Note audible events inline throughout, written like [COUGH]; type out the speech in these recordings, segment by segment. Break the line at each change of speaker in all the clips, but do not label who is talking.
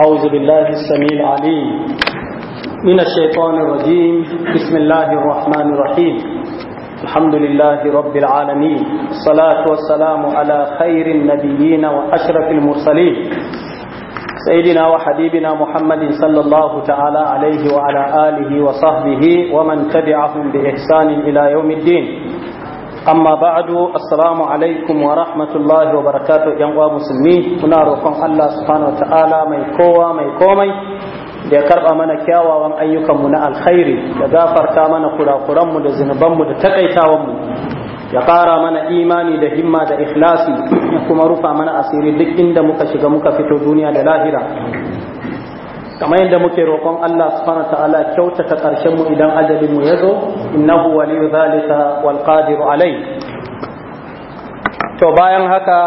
أعوذ بالله السميع العليم من الشيطان الرجيم بسم الله الرحمن الرحيم الحمد لله رب العالمين الصلاة والسلام على خير النبيين وأشرف المرسلين سيدنا وحبيبنا محمد صلى الله تعالى عليه وعلى آله وصحبه ومن تبعهم بإحسان إلى يوم الدين amma ba'du assalamu alaikum wa rahmatullahi wa barakatu yan uwa musulmi muna roƙon Allah subhanahu wa ta'ala mai kowa mai komai da ya karba mana kyawawan ayyukanmu na alkhairi da gafarta mana mu da zunubanmu da mu ya ƙara mana imani da himma da ikhlasi kuma rufa mana asiri duk inda muka shiga muka fito duniya da lahira kamar yadda muke roƙon Allah subhanahu ta'ala kyautata ƙarshen mu idan ajalin mu yazo innahu waliyyu zalika wal qadir alai to bayan haka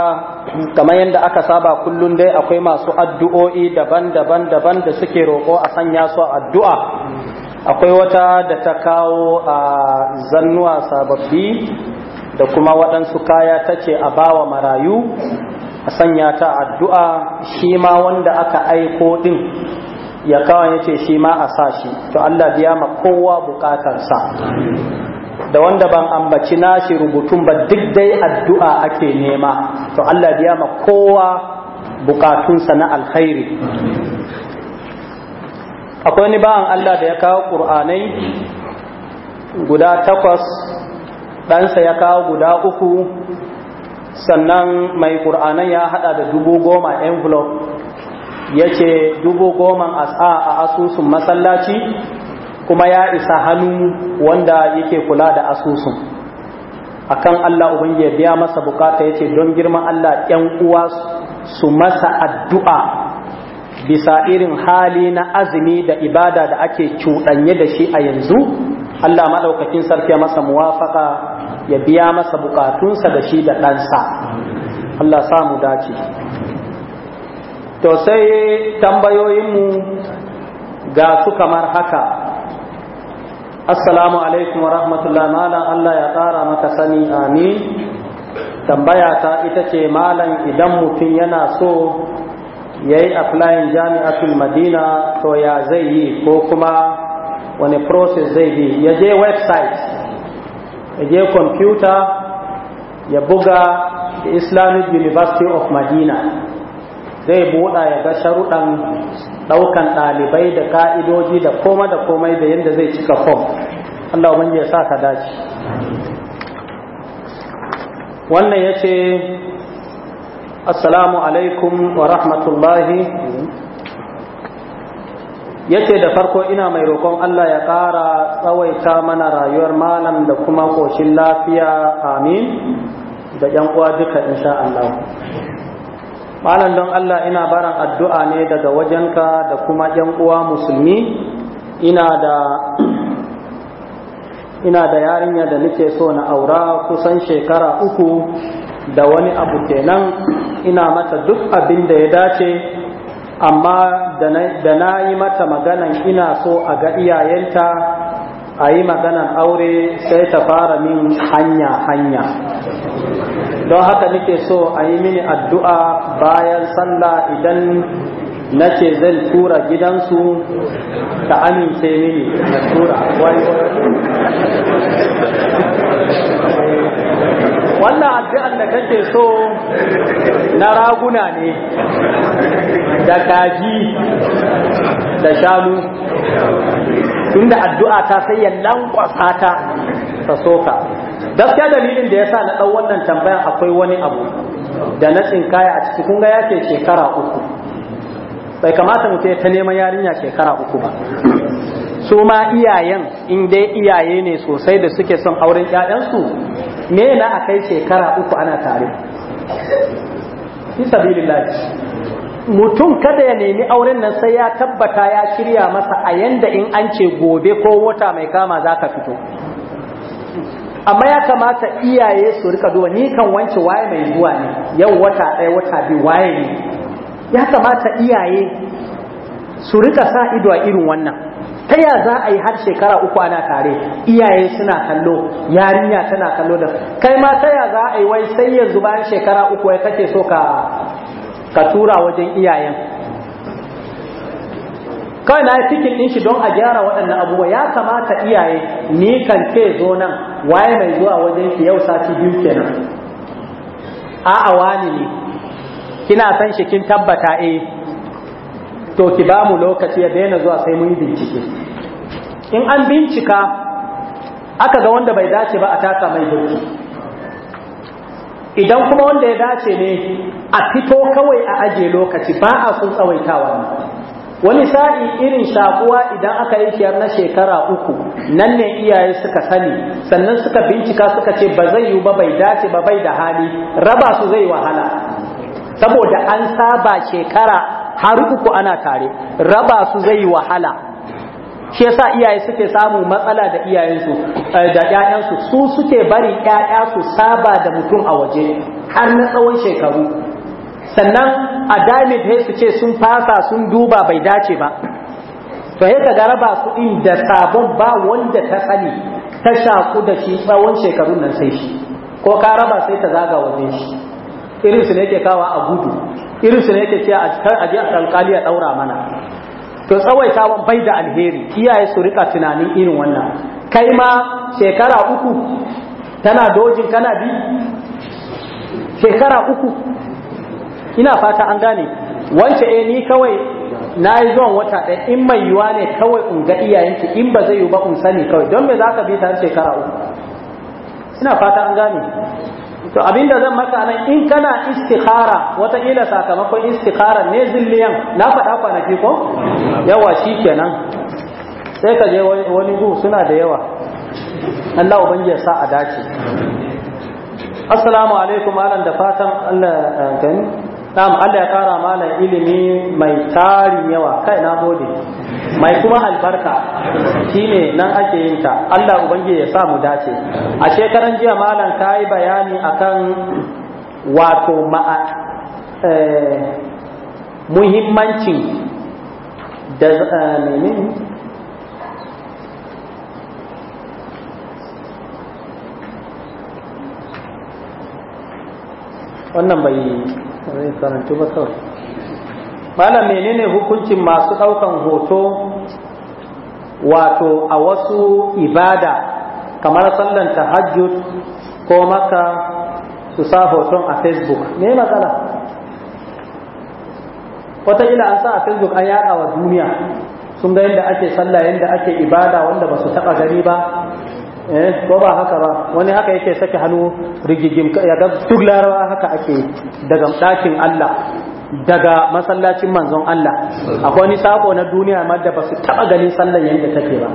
kamar yadda aka saba kullun dai akwai masu addu'o'i daban-daban daban da suke roƙo a sanya su addu'a akwai wata da ta kawo a zannuwa sababbi da kuma waɗansu kaya ta ce a bawa marayu a sanya ta addu'a shi ma wanda aka aiko ɗin ya kawai yace shi ma a sa shi to Allah biya ma kowa bukatarsa da wanda ban ambaci nashi rubutun ba duk dai addu'a ake nema to Allah biya ma kowa bukatunsa na alkhairi akwai ni ba'an Allah da ya kawo ƙur'anai guda takwas ɗansa ya kawo guda uku sannan mai ƙur'anan ya haɗa da dubu goma envelope Yace ce dubu goman asa a asusun masallaci kuma ya isa hannu wanda yake kula da asusun akan Allah ubangi ya biya masa bukata ya ce don girman Allah ‘yan uwa su masa addu'a bisa irin hali na azumi da ibada da ake cuɗanye da shi a yanzu Allah maɗaukakin sarki ya masa muwafaka ya biya masa bukatunsa da shi da ɗansa Allah samu dace. to sai tambayoyinmu ga su kamar haka assalamu alaikum wa rahmatullahi malam Allah ya tsara maka sani amin tambaya ta ita ce malam idan mutum yana so ya yi applying jami'atul madina to ya zai yi ko kuma wani process zai bi ya je website ya je computer ya buga the islamic university of madina zai buɗa ya ga sharuɗan ɗaukan ɗalibai da ka'idoji da koma da komai da yadda zai cika fom Allah wani ya sa ka dace wannan ya ce assalamu alaikum wa rahmatullahi ya ce da farko ina mai roƙon Allah ya ƙara tsawaita mana rayuwar malam da kuma ƙoshin lafiya amin da 'yan uwa duka insha Allah malam don Allah ina baran addu'a ne daga wajenka da kuma ‘yan uwa musulmi [CLEARS THROAT] ina da yarinya da nake so na aura kusan shekara uku da wani abu kenan ina mata duk abin da ya dace amma da na yi mata maganan ina so a ga iyayenta a yi maganan aure sai ta fara min hanya-hanya don haka nake so a yi mini addu'a bayan sallah idan na ce zai tura gidansu ta amince mini na tura
wannan addu'an da
kake so na raguna ne da kaji da shanu tunda addu'a ta sai ya lankwasa ta ta soka gaskiya dalilin da yasa na dau wannan tambaya akwai wani abu da na tsinkaya a ciki kun ga yake shekara uku bai kamata mutum ta neman yarinya shekara uku ba su ma iyayen in dai iyaye ne sosai da suke son auren ƴaƴansu me na akai shekara uku ana tare fi sabilillah mutum kada ya nemi auren nan sai ya tabbata ya shirya masa a yanda in an ce gobe ko wata mai kama za ka fito amma ya kamata iyaye su rika duba ni kan wance waye mai zuwa ne yau wata ɗaya wata biyu waye ne ya kamata iyaye su rika sa ido a irin wannan ta ya za a yi har shekara uku ana tare iyaye suna kallo yarinya tana kallo da kai ma ta ya za a yi wai sai yanzu bayan shekara uku ya kake so ka ka tura wajen iyayen kawai na yi cikin ɗin shi don a gyara waɗannan abubuwa ya kamata iyaye ni kan ce zo nan waye mai zuwa wajen ki yau sati biyu kenan a'a wani ne kina san shi kin tabbata eh to ki ba mu lokaci ya daina zuwa sai mun yi bincike in an bincika aka ga wanda bai dace ba a taka mai doki idan kuma wanda ya dace ne a fito kawai a aje lokaci ba a sun tsawaitawa ne wani sa'i irin shakuwa idan aka yi kiyar na shekara uku nan ne iyaye suka sani sannan suka bincika suka ce ba zai yi ba bai dace ba bai da hali raba su zai wahala saboda an saba shekara har uku ana tare raba su zai wahala shi yasa iyaye suke samu matsala da iyayensu eh, da ƴaƴansu su suke bari ƴaƴa su saba da mutum a waje har na tsawon shekaru sannan a damin da su ce sun fasa sun duba bai dace ba to ya ga raba su inda sabon ba wanda ta tsani, ta shaku da shi tsawon shekarun nan sai shi ko ka raba sai ta zaga wajen shi irin su ne yake kawa a gudu irin su ne yake ce a je alkali a daura mana to tsawaitawan bai da alheri kiyaye su rika tunanin irin wannan kai ma shekara uku tana dojin kana bi shekara uku ina fata an gane wance eh ni kawai na yi zuwan wata ɗaya in mai yiwa ne kawai in ga iyayenki in ba zai yi ba in sani kawai don me za ka bi ta shekara uku ina fata an gane to abinda zan maka nan in kana istikhara wataƙila sakamakon istikhara ne zilliyan na faɗa kwanaki ko yawa shi kenan sai ka je wani gu suna da yawa Allah ubangi ya sa a dace assalamu alaikum alan da fatan Allah eh, Na'am Allah ya kara malam ilimi mai tarin yawa kai na gode mai kuma albarka shine nan ake yin ta Allah ubangiji ya sa mu dace a shekaran jiya malam kai bayani akan wato ma'a eh, muhimmancin da eh, wannan bai malam menene hukuncin masu ɗaukan hoto wato a wasu ibada kamar sallan tahajjud ko maka su sa hoton a facebook Ne matsala wataƙila an sa a facebook an yaɗa wa duniya sun ga yadda ake sallah yadda ake ibada wanda ba su taɓa gani ba eh ko ba haka ba wani haka yake saki hannu rigigim ya ga duk larawa haka ake daga ɗakin Allah daga masallacin manzon Allah akwai wani sako na duniya ma da ba su taɓa ganin sallan yadda take ba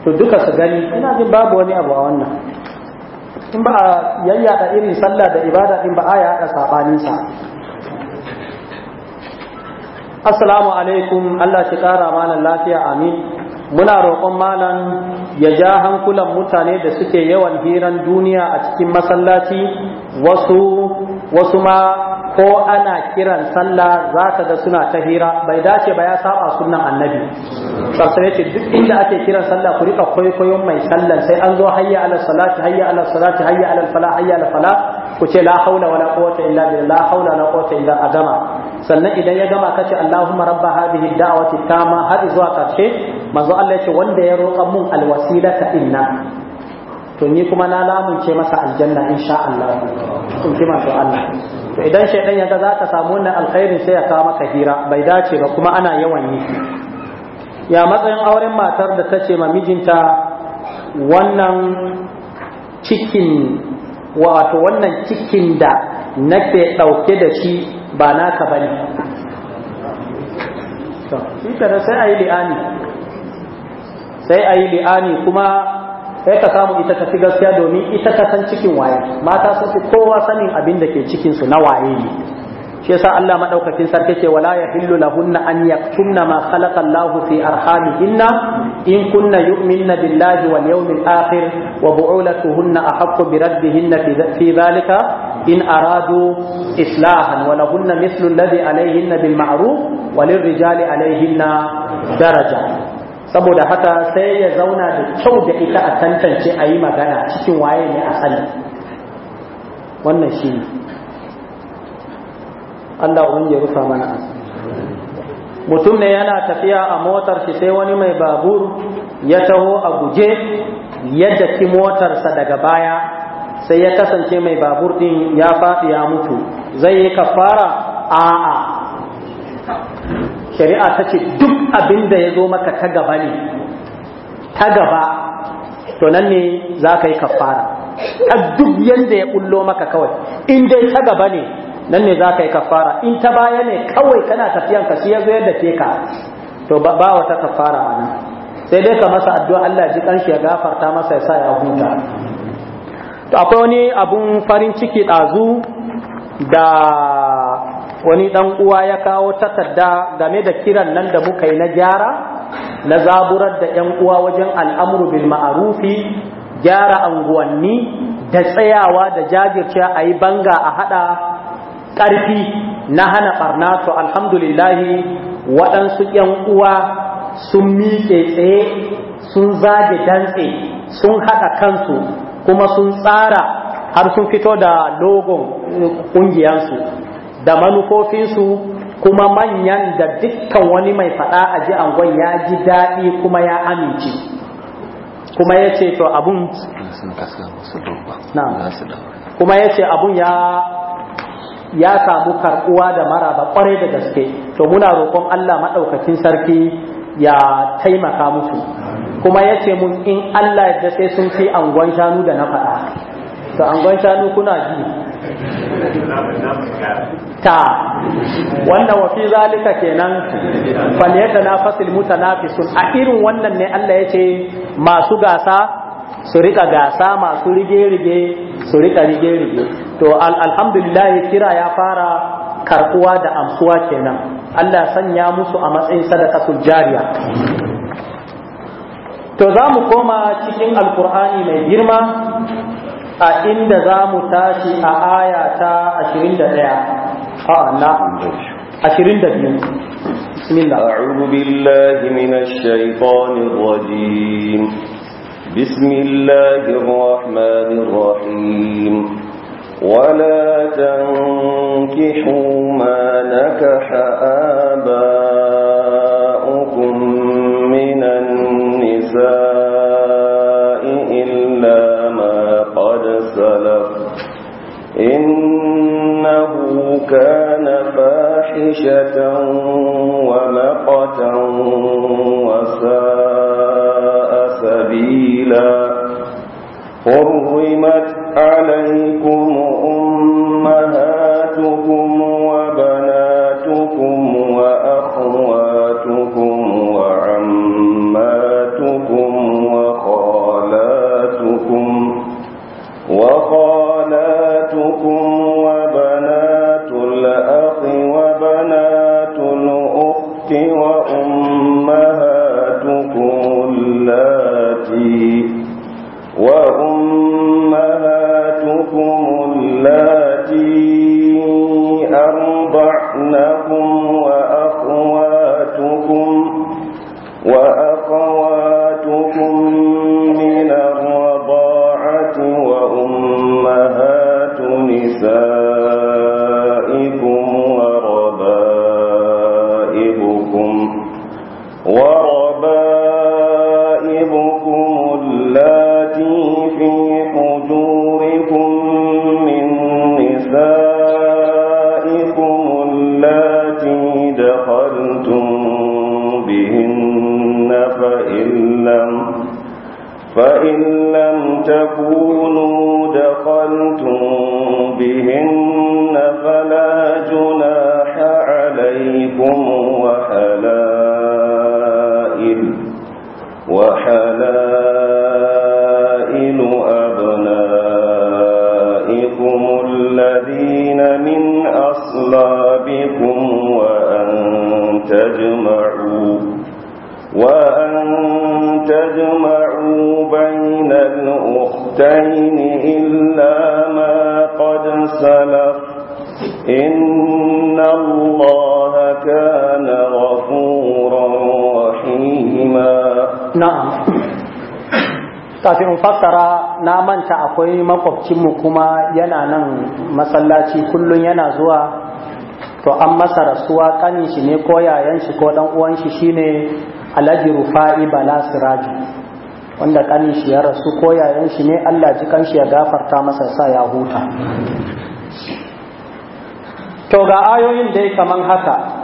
to duka su gani ina jin babu wani abu a wannan in ba yayya da irin sallah da ibada din ba da sabanin sa assalamu alaikum Allah shi kara malam lafiya amin muna roƙon malam ya ja hankulan mutane da suke yawan hiran duniya a cikin masallaci wasu wasu ma ko ana kiran sallah za ka ga suna ta hira bai dace ba ya saba sunan annabi sarsare ce duk inda ake kiran sallah ku rika kwaikwayon mai sallah sai an zo hayya ala salati hayya ala salati hayya ala fala hayya ala fala ku ce la haula wala quwwata illa billah la haula wala quwwata illa adama sannan idan ya gama kace Allahumma rabba hadhihi da'wati tama har zuwa karshe manzo Allah ce wanda ya roƙa mun alwasilata inna to ni kuma na lamunce masa aljanna insha Allah kun kima manzo Allah to idan shaydan ya ga zaka samu wannan alkhairin sai ya kawo maka hira bai dace ba kuma ana yawan yi ya matsayin auren matar da ta ce ma mijinta wannan cikin wato wannan cikin da nake ɗauke da shi ba naka bane to shi sai ayi li'ani sai ayi li'ani kuma sai ka samu ita ta fi gaskiya domin ita ta san cikin waye mata sun fi kowa sanin abin da ke cikin su na waye ne shi yasa Allah madaukakin sarki ce wala yahillu lahunna an yaktumna ma khalaqa Allahu fi arhamihinna in kunna yu'minna billahi wal yawmil akhir wa bu'ulatuhunna ahaqqu bi raddihinna fi dhalika in aradu islahan wa lahunna mislu alladhi alayhinna bil ma'ruf wa lirrijali alayhinna daraja saboda haka sai ya zauna da kyau da ita a tantance a yi magana cikin waye ne a sani wannan shi ne Allah ya rufa mana
asiri
mutum ne yana tafiya a motar shi sai wani mai babur ya taho a guje ya jaki motarsa daga baya sai ya kasance mai babur din ya faɗi ya mutu zai yi kafara a'a
shari'a ta ce
duk abin da ya zo maka ta gaba ne ta gaba to nan ne za ka yi kafara ta duk yadda ya bullo maka kawai in dai ta gaba ne nan ne za ka yi kafara in ta baya ne kawai kana tafiyan ka shi ya zo yadda ke ka to ba wata kafara a nan sai dai ka masa addu'a Allah ji kanshi ya gafarta masa ya sa ya huta to akwai wani abun farin ciki ɗazu da wani ɗan uwa ya kawo takarda game da kiran nan da muka yi na gyara na zaburar da ‘yan uwa wajen al'amuru bil ma'arufi gyara anguwanni da tsayawa da jajirce a yi banga a haɗa ƙarfi na hana ɓarna to alhamdulillahi waɗansu ‘yan uwa sun miƙe tsaye sun zage dantse sun haɗa kansu kuma sun tsara har sun fito da logon ƙungiyarsu da manufofinsu kuma manyan da dukkan wani mai faɗa a ji angon ya ji daɗi kuma ya amince kuma ya ce to abun kuma ya ce abun ya ya samu karɓuwa da maraba ƙwarai da gaske to muna roƙon Allah maɗaukakin sarki ya taimaka musu kuma ya ce mun in Allah ya sai sun fi angon shanu da na faɗa to angon shanu kuna ji
ta wannan fi
zalika kenan falyata na fasil mutanafisun a irin wannan ne Allah ya ce masu gasa su rika gasa masu rige-rige su rika rige-rige to alhamdulillah kira ya fara karkuwa da amsuwa kenan Allah sanya musu a matsayin sadaka jariya to za mu koma cikin alkur'ani mai girma a inda za mu tashi a aya ta 21 a na 22 بسم الله
أعوذ بالله من الشيطان الرجيم بسم الله الرحمن الرحيم ولا تنكحوا ما نكح آباؤكم كان فاحشة ومقتا وساء سبيلا حرمت عليكم أمهاتكم
na'am kafin fassara na manta akwai makwabcinmu kuma yana nan masallaci kullum yana zuwa to an masa rasuwa kanin shi ne ko yayan shi ko dan uwan shi shine Alhaji Rufa'i Bala Siraju wanda kanin shi ya rasu ko yayan shi ne Allah ji kanshi ya gafarta masa sa ya huta to ga ayoyin dai kaman haka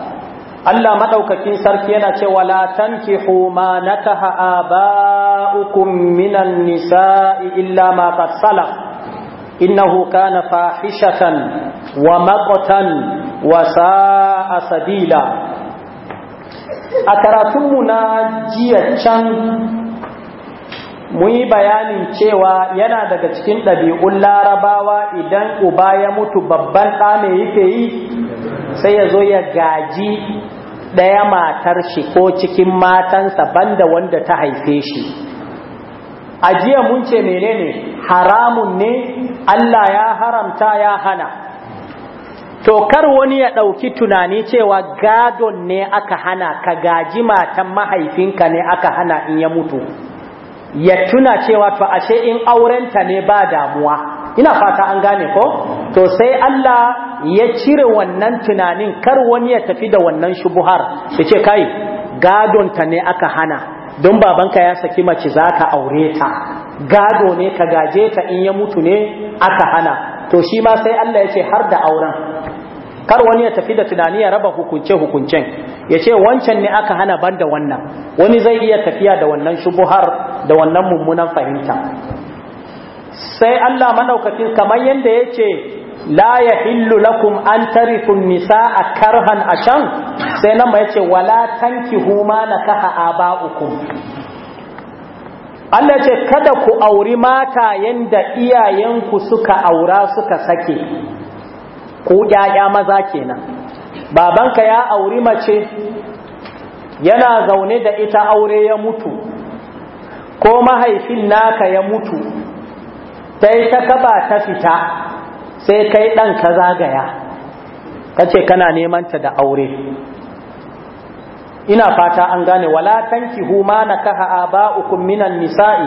Allah madaukakin sarki yana cewa la tankihu ma nakaha aba'ukum minan nisa'i illa ma qad salaf innahu kana fahishatan wa maqtan wa sa'a sabila a karatunmu na jiya can mun yi bayanin cewa yana daga cikin ɗabi'un larabawa idan uba ya mutu babban ɗa mai yake yi sai ya zo ya gaji ɗaya matar shi ko cikin matansa banda wanda ta haife shi a jiya mun ce menene haramun ne Allah ya haramta ya hana to kar wani ya ɗauki tunani cewa gadon ne aka hana ka gaji matan mahaifinka ne aka hana in ya mutu ya tuna cewa to ashe in aurenta ne ba damuwa ina fata an gane ko to sai Allah ya cire wannan tunanin kar wani ya tafi da wannan shubuhar ya ce kai gadonta ne aka hana don babanka ya saki mace zaka aure ta gado ne ka gaje ta in ya mutu ne aka hana to shi ma sai Allah ya ce har da auren kar wani ya tafi da tunani ya raba hukunce-hukuncen ya ce wancan ne aka hana banda wannan wani zai iya tafiya da wannan shubuhar da wannan mummunan fahimta sai Allah madaukakin kamar yanda yace la ya hillu lakum an tarifu a karhan a can? sai nan ma yace wala tanki tankihu ma nakaha aba'ukum Allah ce kada ku auri mata yanda iyayenku suka aura suka sake ku ƴaƴa maza kenan babanka ya auri mace yana zaune da ita aure ya mutu ko mahaifin naka ya mutu sai ta kaba ta fita sai kai ɗan ka zagaya ka ce kana neman ta da aure ina fata an gane wala tanki huma na kaha ba minan nisa'i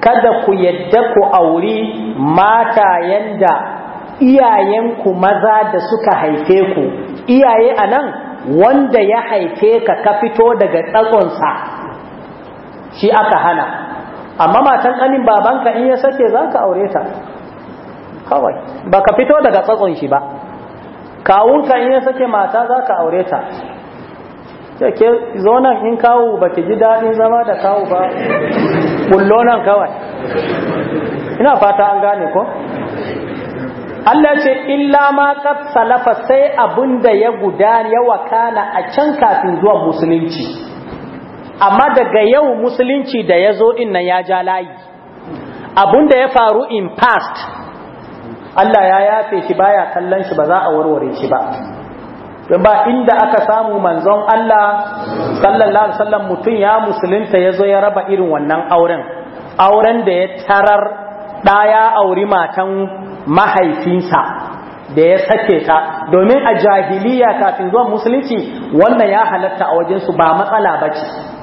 kada ku yadda ku auri mata yanda iyayenku maza da suka haife ku iyaye a nan wanda ya haife ka ka fito daga tsakonsa shi aka hana amma matan kanin babanka in ya sake za ka aure ta kawai ba ka fito daga tsatson shi ba kawunka in ya sake mata za ka aure ta ke zonan in kawo ba ki ji daɗin zama da kawo ba ƙullo nan kawai ina fata an gane ko Allah ce illa ma qad salafa sai abinda ya gudana ya wakana a can kafin zuwa musulunci amma daga yau musulunci da ya zo nan ya ja layi da ya faru in past Allah ya yafe shi baya kallon shi ba za a warware shi ba don ba inda aka samu manzon Allah sallallahu alaihi wasallam mutum ya musulunta ya zo ya raba irin wannan auren auren da ya tarar ɗaya auri matan mahaifinsa da ya sake ta domin a jahiliya kafin zuwan musulunci wannan ya halatta a wajen su ba matsala ba ce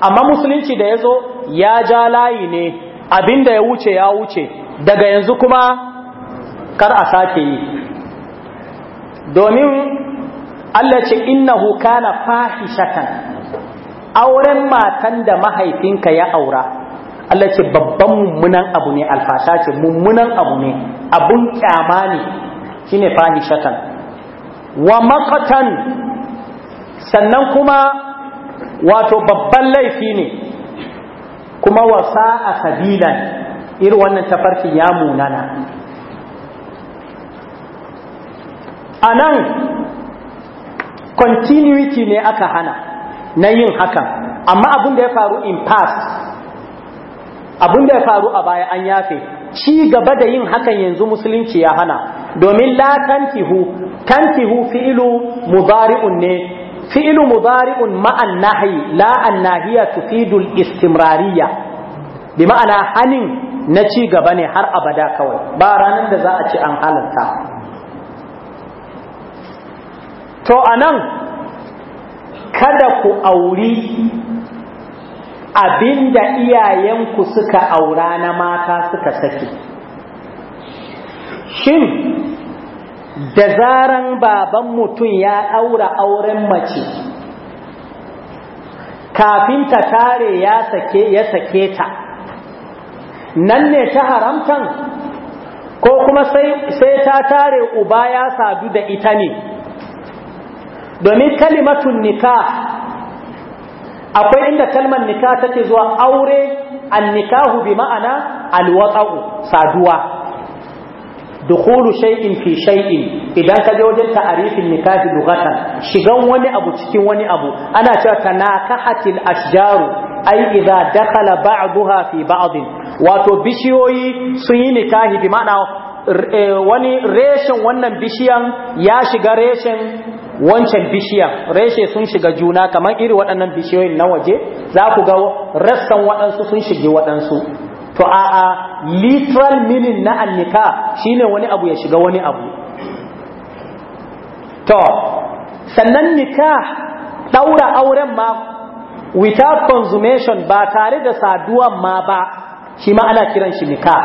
amma musulunci da ya zo ya ja layi ne abinda ya wuce ya wuce daga yanzu kuma kar a sake yi domin Allah ce innahu kana fahishatan auren matan da mahaifinka ya aura Allah ce babban mummunan abu ne alfasha ce mummunan abu ne abun kyama ne shine fahishatan wa maqatan sannan kuma wato babban laifi ne kuma wasa a sabila iri wannan tafarki ya munana a nan continuity ne aka hana na yin hakan amma abin da ya faru in past abin ya faru a baya an yafe ci gaba da yin hakan yanzu musulunci ya hana domin la kantihu tankihu fi'ilu mudari'un ne fi'lu muzari'un ma'an nahyi la nahiya tufidul al-istimrariyya bi ma'ana hanin na ci gaba ne har abada kawai ba ranar da za a ci an halalta to a nan, kada ku auri abinda iyayenku suka aura na mata suka sake shin da zaran baban mutum ya ɗaura auren mace kafin ta tare ya sake ya sake ta nan ne ta haramtan ko kuma sai ta tare uba ya sadu da ita ne domin kalimatun nikah akwai inda kalmar nikah take zuwa aure an nikahu bi ma'ana alwata'u saduwa dukhulu shay'in fi shay'in idan ka je wajen ta'arifin nikahi lughatan shigan wani abu cikin wani abu ana cewa tanakahatil ashjaru ai idza dakhala ba'daha fi ba'd wato bishiyoyi sun yi nikahi bi ma'ana eh, wani reshen wannan bishiyan ya shiga reshen wancan bishiyan reshe sun shiga juna kamar iri waɗannan bishiyoyin na waje za ku ga rassan waɗansu sun shige waɗansu to a a literal meaning na annika shine wani abu ya shiga wani abu to sannan nika daura auren ma without consummation ba tare da saduwan ma ba shi ma ana kiran shi nika.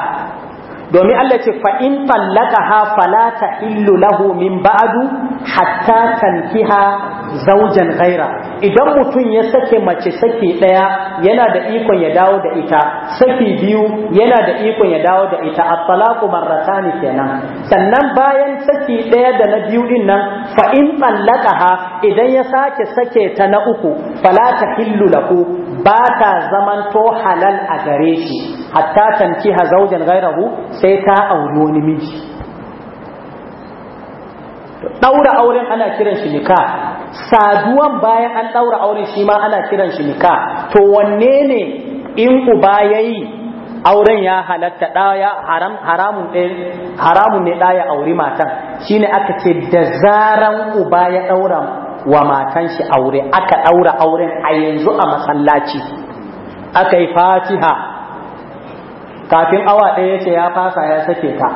domin Allah ce fa'in tallaka ha falata illu lahu min ba'adu hatta tankiha zaujan gaira idan mutum ya sake mace sake ɗaya yana da ikon ya dawo da ita sake biyu yana da ikon ya dawo da ita a talaku marratani kenan sannan bayan sake ɗaya da na biyu din nan fa'in tallaka ha idan ya sake sake ta na uku falata illu lahu ba ta zamanto halal a gare shi hatta hazaujen zaujan gairahu sai ta auri wani miji Daura auren ana kiran shi nika saduwan bayan an daura auren shi ma ana kiran shi nika to wanne ne in uba yayi auren ya halatta ɗaya haramun haramun ne ɗaya auri matan shine aka ce da zaran uba ya daura wa matan shi aure aka daura auren a yanzu a masallaci aka yi fatiha kafin awa ɗaya ce ya fasa ya sake ta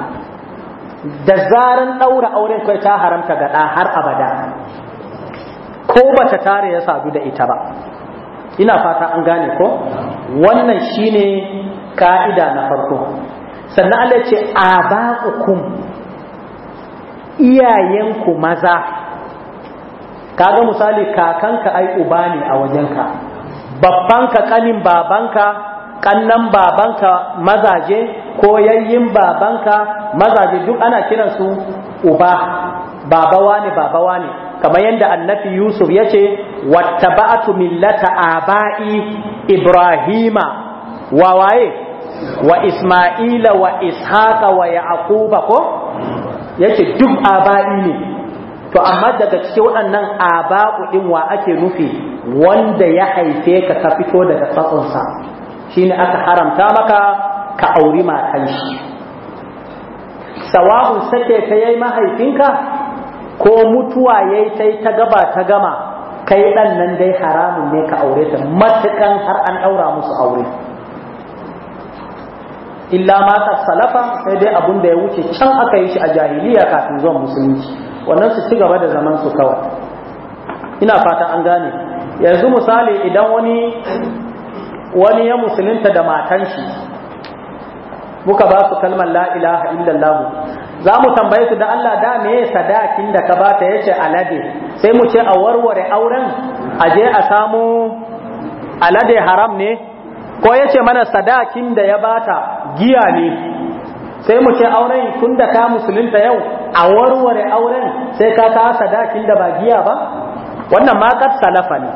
da zaran ɗaura auren kai ta haramta ga har abada ko ba ta tare ya sadu da ita ba ina fata an gane ko wannan shine ka'ida na farko sannan Allah ce a ba hukum iyayenku maza kaga misali kakanka ai uba ne a wajenka babbanka kanin babanka kannan babanka mazaje ko yayyin babanka mazaje duk ana kiransu uba babawa ne babawa ne kamar yadda annabi yusuf ya ce wattaba'atu millata aba'i ibrahima wa waye wa isma'ila wa ishaqa wa yaquba ko yace duk aba'i ne to amma daga cikin waɗannan aba'u din wa ake nufi wanda ya haife ka ka fito daga tsatsonsa shine aka haramta maka ka auri matan shi sawabun sake ta yayi mahaifinka ko mutuwa yayi sai ta gaba ta gama kai dan nan dai haramun ne ka aure ta matukan har an daura musu aure illa ma ta salafa sai dai abun da ya wuce can aka yi shi a jahiliya kafin zuwan musulunci wannan su ci gaba da zaman su kawai ina fata an gane yanzu misali idan wani wani ya musulunta da matan shi muka ba su kalmar la'ilaha illallahu za mu tambaye su da Allah da me sadakin da ka bata yace alade sai mu ce a warware auren a je a samu alade haram ne ko yace mana sadakin da ya bata giya ne sai mu ce auren tun da ka musulunta yau a warware auren sai ka ta sadakin da ba giya ba wannan makar salafa ne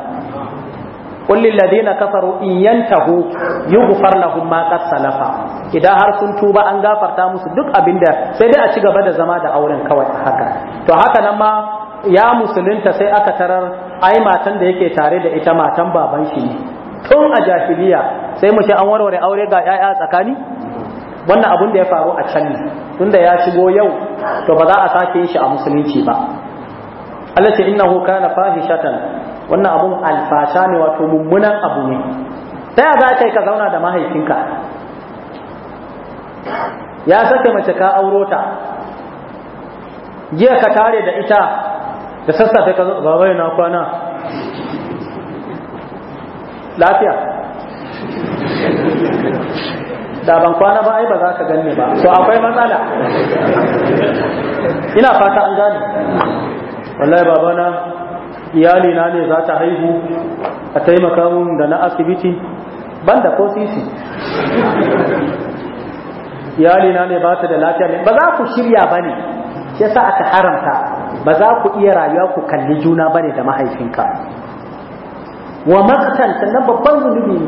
Kullin lil ladina kafaru in yantahu yughfar lahum lahun qad salafa idan har sun tuba an gafarta musu duk abinda sai dai a ci gaba da zama da auren kawai a haka to haka nan ma ya musulunta sai aka tarar ai matan da yake tare da ita matan baban shi ne tun a jahiliya sai mu ce an warware aure ga yaya tsakani wannan abun da ya faru a can ne tunda ya shigo yau to ba za a sake shi a musulunci ba Allah ce innahu kana fahishatan wannan abun alfasha ne wato mummunan abu ne ta ya za ka yi ka zauna da mahaifinka ya sake mace ka auro ta jiya ka tare da ita da sassafe ka zo na kwana lafiya da ban kwana ba ai ba za ka ganni ba to akwai matsala ina fata an gane wallahi babana iyali na ne za ta haihu a taimaka mun da na asibiti banda ko sisi iyali na ne ba ta da lafiya ne ba za ku shirya ba ne ya sa aka haramta ba za ku iya rayuwa ku kalli juna ba ne da mahaifinka wa maktan sannan babban zunubi ne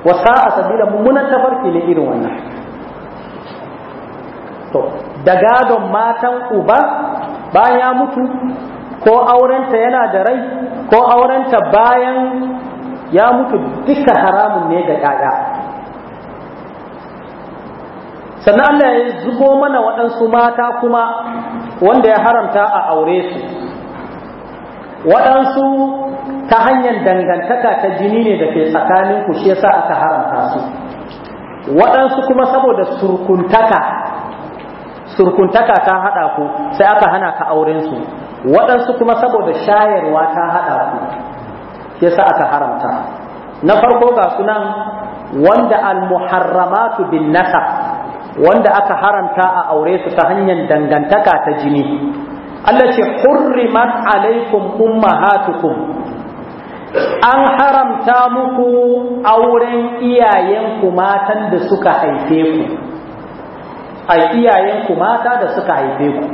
wa sa'a sabila mummunan tafarki ne irin wannan to da gadon matan uba bayan ya mutu ko aurenta yana da rai ko aurenta bayan ya mutu duka haramun ne ga ƴaƴa sannan Allah ya zubo mana waɗansu mata kuma wanda ya haramta a aure su waɗansu ta hanyar dangantaka ta jini ne da ke tsakaninku shi yasa aka haramta su waɗansu kuma saboda surkuntaka surkuntaka ta haɗa ku sai aka hana ka aurensu waɗansu kuma saboda shayarwa ta haɗa ku sa aka haramta na farko ga sunan wanda al-muharramatu bin nasa wanda aka haramta a aure su ta hanyar dangantaka ta jini Allah ce hurrimat alaikum ummahatukum an haramta muku auren iyayenku matan da suka haife ku a iyayenku mata da suka haife ku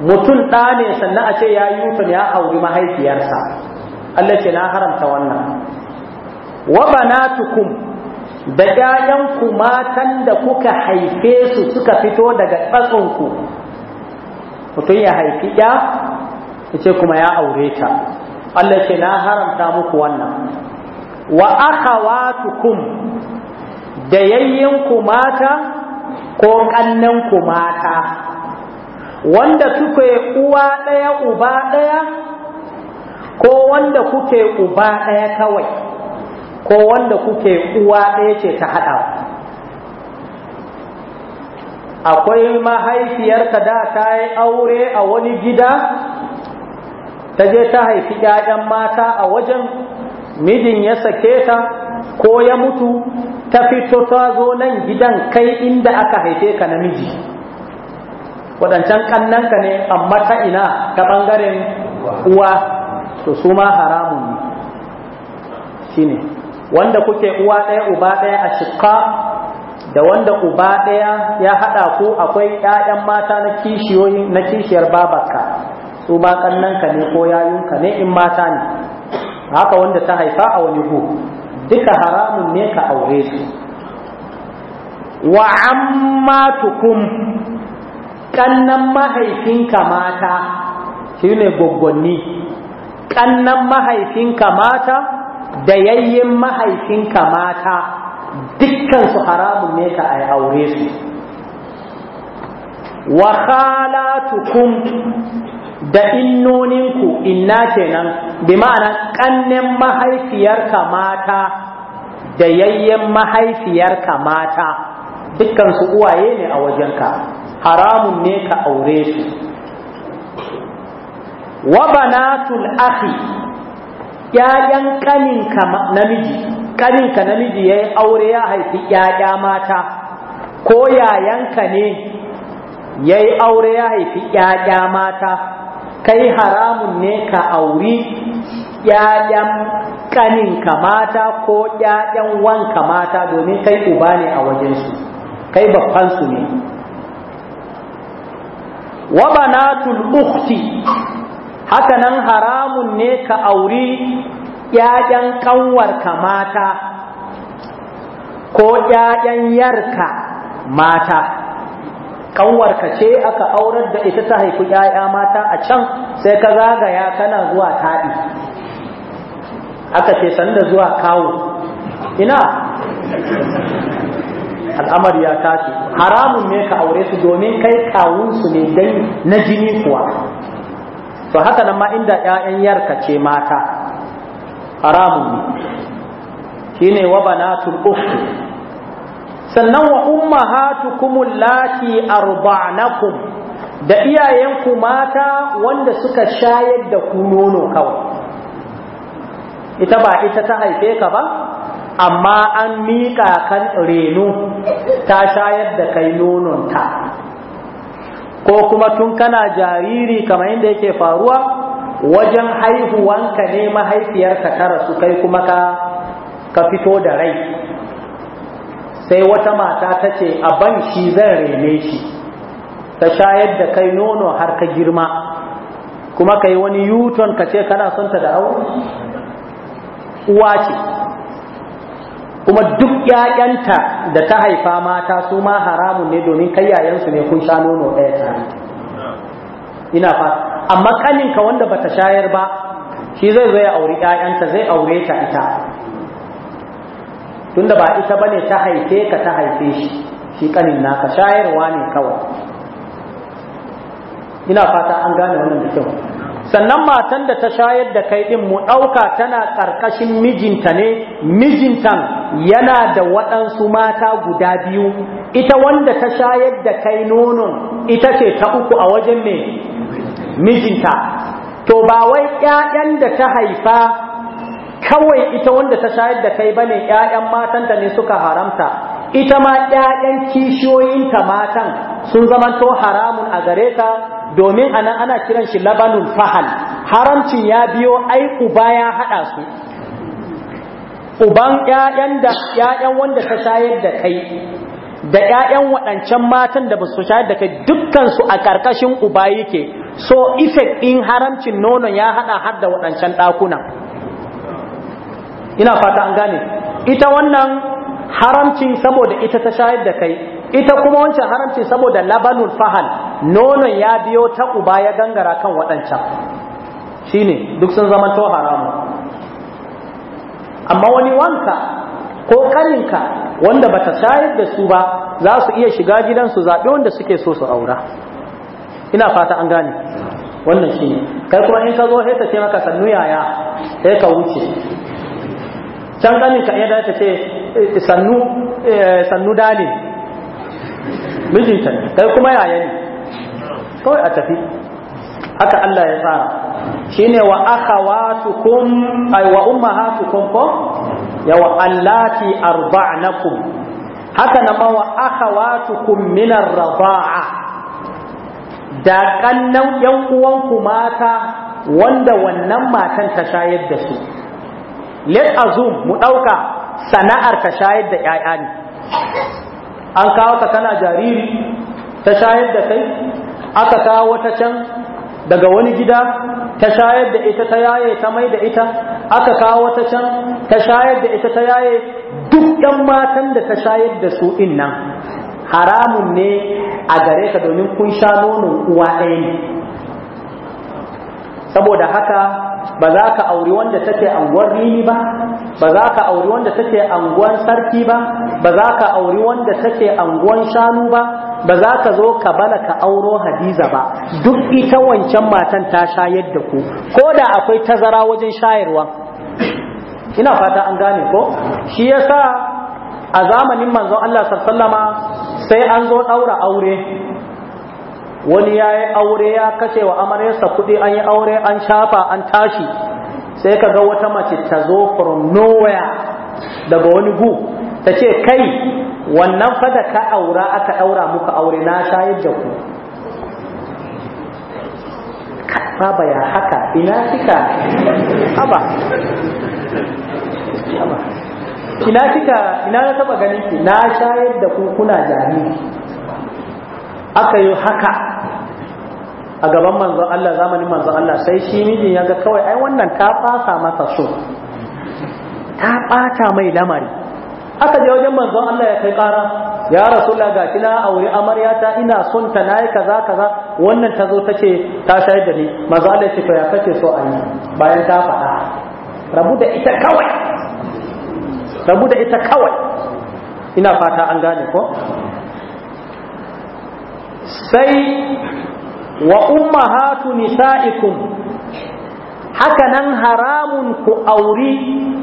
mutum ɗa ne sannan a ce ya yi ya auri mahaifiyarsa Allah ce na haramta wannan wa tukum da ƴaƴanku matan da kuka haife su suka fito daga tsatsonku mutum ya haifi ya ce kuma ya aure ta Allah ce na haramta muku wannan wa tukum da yayyanku mata ko kannanku mata wanda kuke uwa ɗaya uba ɗaya ko wanda kuke uba ɗaya kawai ko wanda kuke uwa ɗaya ce ta haɗa akwai mahaifiyarka da ta yi aure a wani gida ta je ta haifi ‘ya'yan mata a wajen mijin ya sake ta ko ya mutu ta fito ta zo nan gidan kai inda aka haife ka namiji. waɗancan ƙannanka ne amma ta ina ta ɓangaren uwa to su ma haramun ne ne wanda kuke uwa ɗaya uba ɗaya a shiƙa da wanda uba ɗaya ya haɗa ku akwai ‘ya'yan mata na kishiyoyi na kishiyar babarka su ma ƙannanka ne ko yayunka ne in mata ne haka wanda ta haifa a wani bu duka haramun ne ka aure su wa tukun. kannan mahaifinka mata shi ne gwaggwanni kannan mahaifinka mata da yayyen mahaifinka mata dukkansu haramun ne ka a aure su wa khalatukum da innoninku inna kenan bi ma'ana kannan mahaifiyarka mata da yayyen mahaifiyarka mata dukkansu uwaye ne a wajenka haramun ne ka aure su wa banatul akhi ƴaƴan kaninka namiji kaninka namiji yayi aure ya haifi ya'ya mata ko yayanka ne yayi aure ya haifi ya'ya mata kai haramun ne ka auri yayan kaninka mata ko yayan wanka mata domin kai uba ne a wajensu kai babban su ne wa banatul ukhti haka nan haramun ne ka auri ƴaƴan ƙanwarka mata ko ƴaƴan yarka mata ƙanwarka ce aka aurar da ita ta haifi ƴaƴa mata a can sai ka zagaya kana zuwa taɗi aka ce sanda zuwa kawo ina al'amari ya tashi haramun ne ka aure su domin kai kawun su ne dai na jini kuwa to haka nan ma inda ƴaƴan yarka ce mata haramun ne shine wa banatul ukhti sannan wa ummahatukum allati arba'nakum da iyayenku mata wanda suka shayar da ku nono kawai ita ba ita ta haife ka ba amma an miƙa kan reno ta shayar da kai nononta ko kuma tun kana jariri kamar yadda yake faruwa wajen haihuwanka ne mahaifiyarka ta rasu kai kuma ka ka fito da rai sai wata mata ta ce a ban shi zan rene shi ta shayar da kai nono har ka girma kuma kai wani yuton ka ce kana son ta da aure uwa ce kuma duk ƴaƴanta da ta haifa mata su ma haramun ne domin kai yayansu ne kun sha nono ɗaya tare ina fa amma kaninka wanda bata shayar ba shi zai zo ya auri ƴaƴanta zai aure ta ita tunda ba ita bane ta haife ka ta haife shi shi kanin naka shayarwa ne kawai ina fata an gane wannan da kyau sannan matan da ta shayar da kai ɗin mu ɗauka tana ƙarƙashin mijinta ne mijintan yana da waɗansu mata guda biyu ita wanda ta shayar da kai nonon ita ce ta uku a wajen mai mijinta to ba wai ƴaƴan da ta haifa kawai ita wanda ta shayar da kai bane ƴaƴan matanta ne suka haramta ita ma ƴaƴan kishiyoyinta matan sun zamanto haramun a gare domin ana ana kiran shi labanul fahal haramcin ya biyo ai uba ya hada su uban ƴaƴan da wanda ta shayar da kai da ƴaƴan waɗancan matan da ba su shayar da kai dukkan su a ƙarƙashin uba yake so effect ɗin haramcin nonon ya hada har da waɗancan ɗakuna ina fata an gane ita wannan haramcin saboda ita ta shayar da kai ita kuma wancan haramcin saboda labanul fahal nonon ya biyo ta uba ya gangara kan waɗancan ne duk sun zama to haramu amma wani wanka ko kaninka wanda bata shayar da su ba za su iya shiga gidansu zaɓi wanda suke so su aura ina fata an gane wannan shi ne. kai kuma in ka zo sai ce maka sannu yaya ya ka wuce can ganin ya iya ta ce eh, sannu eh, dalin mijinta kai kuma yaya ne kawai a tafi haka Allah ya tsara shine wa akhawatukum ay wa ummahatukum ko yawa allati arba'nakum haka na ma wa akhawatukum min ar da kannan yan uwanku mata wanda wannan matan ta shayar da su let azum mu dauka sana'ar ka shayar da 'ya'ya ne an kawo ka kana jariri ta shayar da kai aka kawo wata can daga wani gida ta shayar da ita ta yaye ta mai da ita aka kawo wata can ta shayar da ita ta yaye duk ɗan matan da ta shayar da su innan haramun ne a gare ka domin kun sha nonon uwa ɗaya ne saboda haka ba za ka auri wanda take anguwar rini ba ba za ka auri wanda take anguwar sarki ba ba za ka auri wanda take angwan shanu ba ba za ka zo ka bala ka auro hadiza ba duk ita wancan matan ta shayar da ku ko da akwai tazara wajen shayarwa ina fata an gane ko shi yasa a zamanin manzon Allah sallallahu sai an zo ɗaura aure wani ya yi aure ya kashe wa amaryarsa kuɗi an yi aure an shafa an tashi sai ka ga wata mace ta zo from nowhere daga wani gu ta ce kai wannan fada ka aura aka ɗaura muka aure na shayar da ku ba ya haka ina kika haba ina kika ina na taba ganin ki na shayar da ku kuna jami'i. aka yi haka a gaban manzon Allah zamanin manzon Allah sai shi mijin ya ga kawai ai wannan ta fasa masa so ta ɓata mai lamari aka je wajen manzon Allah ya kai ƙara ya rasulullah ga kina aure amarya ta ina son ta nayi kaza kaza wannan ta zo tace ta shayar da ni manzon Allah ya ce to ya kace so a yi bayan ta faɗa rabu da ita kawai rabu da ita kawai ina fata an gane ko sai wa ummahatu nisa'ikum haka nan haramun ku auri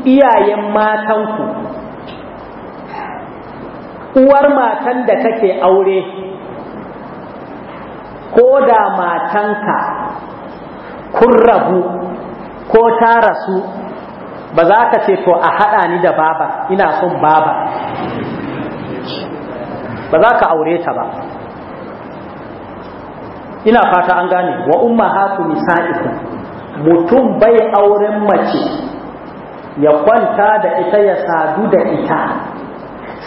iyayen matanku uwar matan da take aure ko da matanka kun rabu ko ta rasu ba za ka ce to a haɗa ni da baba ina son baba ba za ka aure ta ba ina fata an gane wa umma ummahatu nisa'ikum mutum bai auren mace ya kwanta da ita ya sadu da ita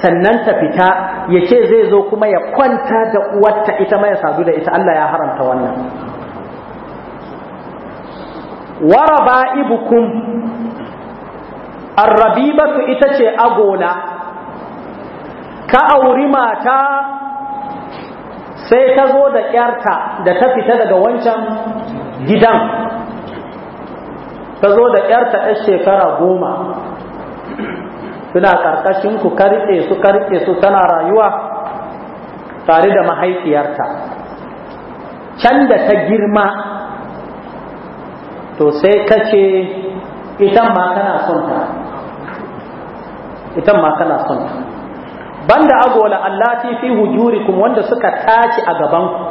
sannan ta fita ya ce zai zo kuma ya kwanta da uwarta ita ma ya sadu da ita Allah ya haramta wannan waraba ibukum arrabibatu ita ce agona. ka auri mata sai ta zo da ƙyarta da ta fita daga wancan
gidan
ta zo da ƙyarta ɗan shekara goma suna ƙarƙashin ku karɓe su karɓe su tana rayuwa tare da mahaifiyarta can da ta girma to sai ka ce itan ma kana son ta itan ma kana son ta banda agola allati fi hujurikum wanda suka tace a gabanku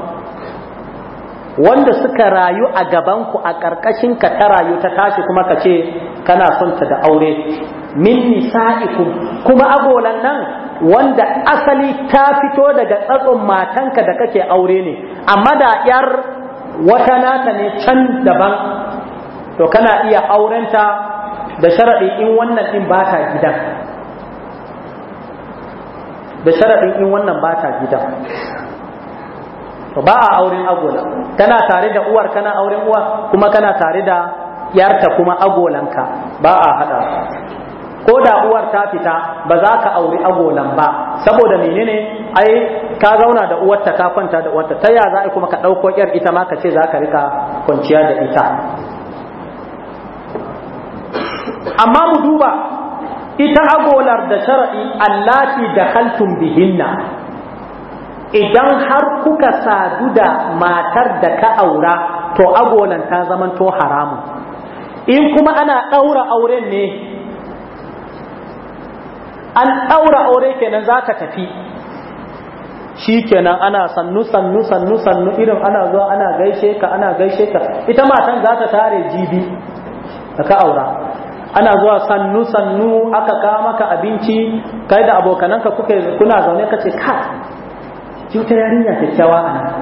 wanda suka rayu a gabanku a ƙarƙashin ka ta rayu ta tashi kuma ka ce kana son ta da aure min nisa'ikum kuma agolan nan wanda asali ta fito daga tsatsun matanka da kake aure ne amma da yar wata nata ne can daban to kana iya aurenta da sharaɗi in wannan ɗin ba ta gidan da sharaɗin in wannan ba ta gida ba a auren agola tana tare da uwar kana auren uwa kuma kana tare da yarta kuma agolanka ba a haɗa ko da uwar ta fita ba za ka auri agolan ba saboda menene ai ka zauna da uwarta ka kwanta da uwarta ta ya za a kuma ka ɗauko yar ita ma ka ce za ka rika kwanciya da ita amma mu duba ita agolar da shara'i allati da bihinna idan har kuka sadu da matar da ka aura to agolan ta zaman to haramun in kuma ana ɗaura auren ne an ɗaura aure kenan za ka tafi shi kenan ana sannu sannu sannu sannu irin ana zuwa ana gaishe ka ana gaishe ka ita matan za ta tare jibi da ka aura ana zuwa sannu sannu aka kawo maka abinci kai da abokananka kuke kuna zaune ka ce ka ki yarinya kyakkyawa a nan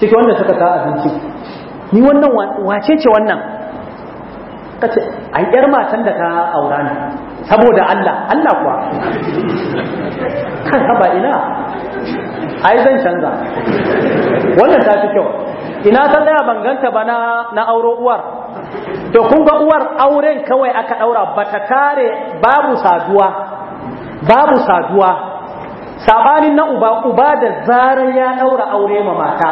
ciki wanda suka kawo abinci ni wannan wace ce wannan ka ce ai yar matan da ka aura ne saboda Allah Allah kuwa
[LAUGHS] kan haba ina ai zan canza wannan ta fi kyau ina
ta daya banganta ba na auro uwar to kun ga uwar auren kawai aka daura bata kare babu saduwa babu saduwa sabanin na uba uba da zarar ya daura aure ma mata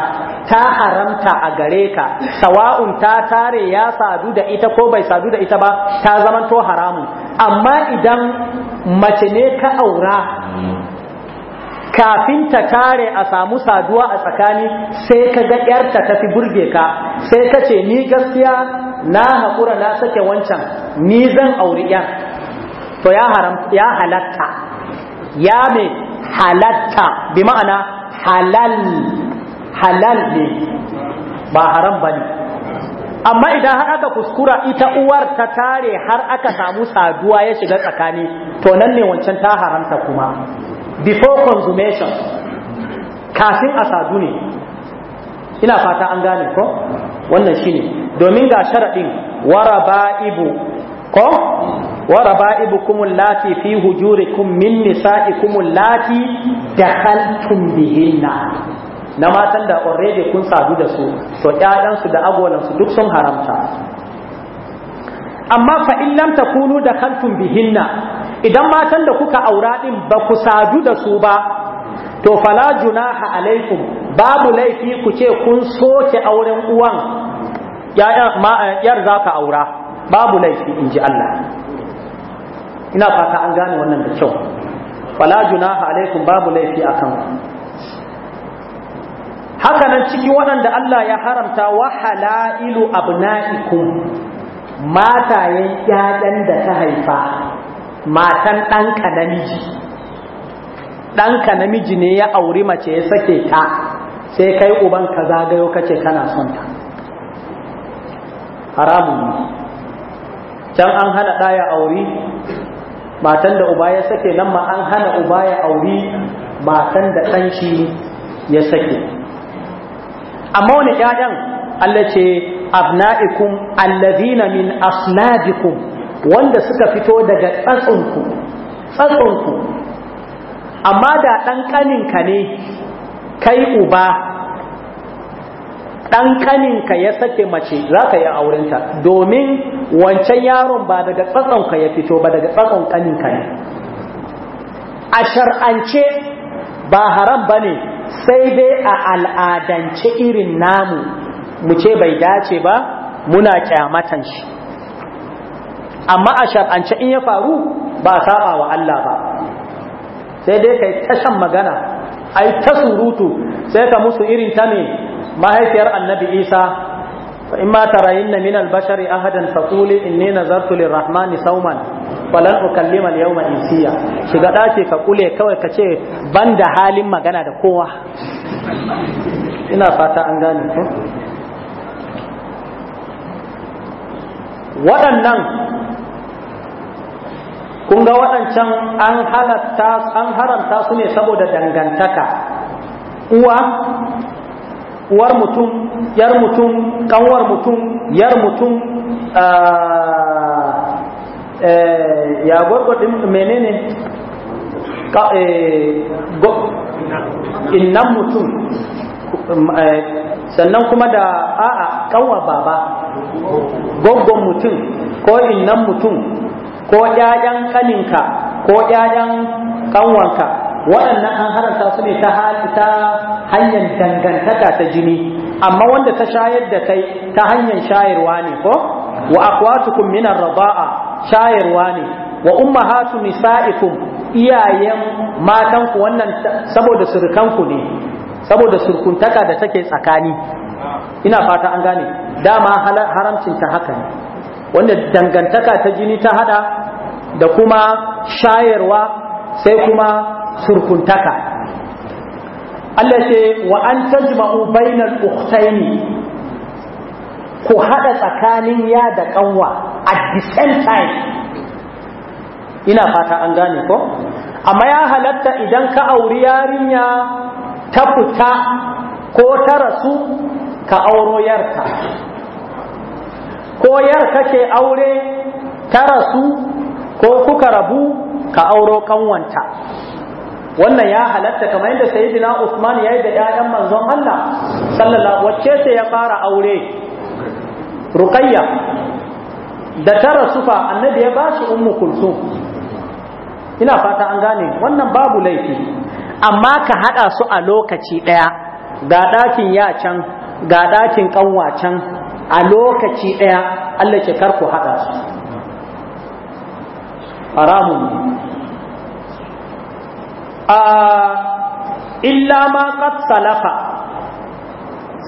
ta haramta a gare ka sawa'un ta tare ya sadu da ita ko bai sadu da ita ba ta to haramu. amma idan mace ne ka aura kafin ta tare a samu saduwa a tsakani sai ka ga yarta ta fi burge ka sai ka ce ni gaskiya na haƙura na sake wancan ni zan auri ya to ya haram ya halatta ya me
halatta
bi ma'ana halal halal ne ba haram bane amma idan har aka kuskura ita uwar ta tare har aka samu saduwa ya shiga tsakani to nan ne wancan ta haramta kuma before consummation kafin a sadu ne ina fata an gane ko wannan shine domin ga sharadin waraba'ibu ko waraba'ibukum lati fi hujurikum min nisa'ikum allati dakhaltum bihinna na matan da already kun sadu da su to ƴaƴan su da agolansu su duk sun haramta amma fa in lam takunu dakhaltum bihinna idan matan da kuka aura din ba ku sadu da su ba to fala junaha alaikum babu laifi ku ce kun soke auren uwan eh, yar za ka aura babu laifi in ji Allah ina fata an gane wannan da kyau fala junaha alaikum babu laifi akan haka nan ciki waɗanda Allah ya haramta wa halailu abna'ikum matayen ƴaƴan da ta haifa matan ɗanka namiji ɗanka namiji ne ya auri mace ya sake ta sai kai uban ka zagayo kace kana son ta haramun can an hana ɗaya aure matan da uba ya sake nan ma an hana uba ya auri matan da danci ya sake amma wani ƴaƴan Allah ce abna'ikum alladhina min asnadikum wanda suka fito daga tsatsinku ku. amma da ɗan ka ne kai uba ɗan ka ya sake mace za ka yi aurenta domin wancan yaron ba daga ka ya fito ba daga tsatson ƙaninka ne a shar'ance ba haram ba ne sai dai a al'adance irin namu mu ce bai dace ba muna kyamatan shi amma a shar'ance in ya faru ba a saba wa Allah ba sai dai kai tashan magana ai ta surutu sai ka musu irin ta ne mahaifiyar annabi isa fa in ma tarayinna na minal bashari ahadan na zartulin rahmani sauman falon falan ukallima al-yawma insiya shiga dace ka kule kawai ka ce da halin magana da kowa
ina fata an gane ko
waɗannan kun ga waɗancan an halatta haramta su ne saboda dangantaka uwa uwar mutum yar mutum kanwar mutum yar mutum e, ya gwargwadin menene e, innan mutum e, sannan kuma da a'a kanwa baba
goggon mutum
ko innan mutum ko ƴaƴan kaninka ko ƴaƴan kanwanka waɗannan an haramta su ne ta ta hanyar dangantaka ta jini amma wanda ta shayar da kai ta hanyar shayarwa ne ko wa akwatukum minar raba'a shayarwa ne wa ummahatu nisa'ikum iyayen matan ku wannan saboda ku ne saboda surkuntaka da take tsakani ina fata an gane dama haramcin ta haka ne wanda dangantaka ta jini ta hada da kuma shayarwa sai kuma surkuntaka Allah ce wa an tajma'u bainal ukhtaini ku hada tsakanin ya da kanwa at the same time ina fata an gane ko amma ya halatta idan ka auri yarinya ta fita ko ta rasu ka auro yarka ko yar kake aure ta rasu ko kuka rabu ka auro kanwanta wannan ya halatta kamar yadda sayyidina Usman ya yi da ƴaƴan manzon Allah sallallahu wacce sai ya fara aure Ruqayya da ta rasu fa annabi ya bashi ummu kulsum ina fata an gane wannan babu laifi amma ka hada su a lokaci daya ga dakin ya can ga dakin kanwa can a lokaci ɗaya Allah ce kar haɗa su haramun a illa ma qad salafa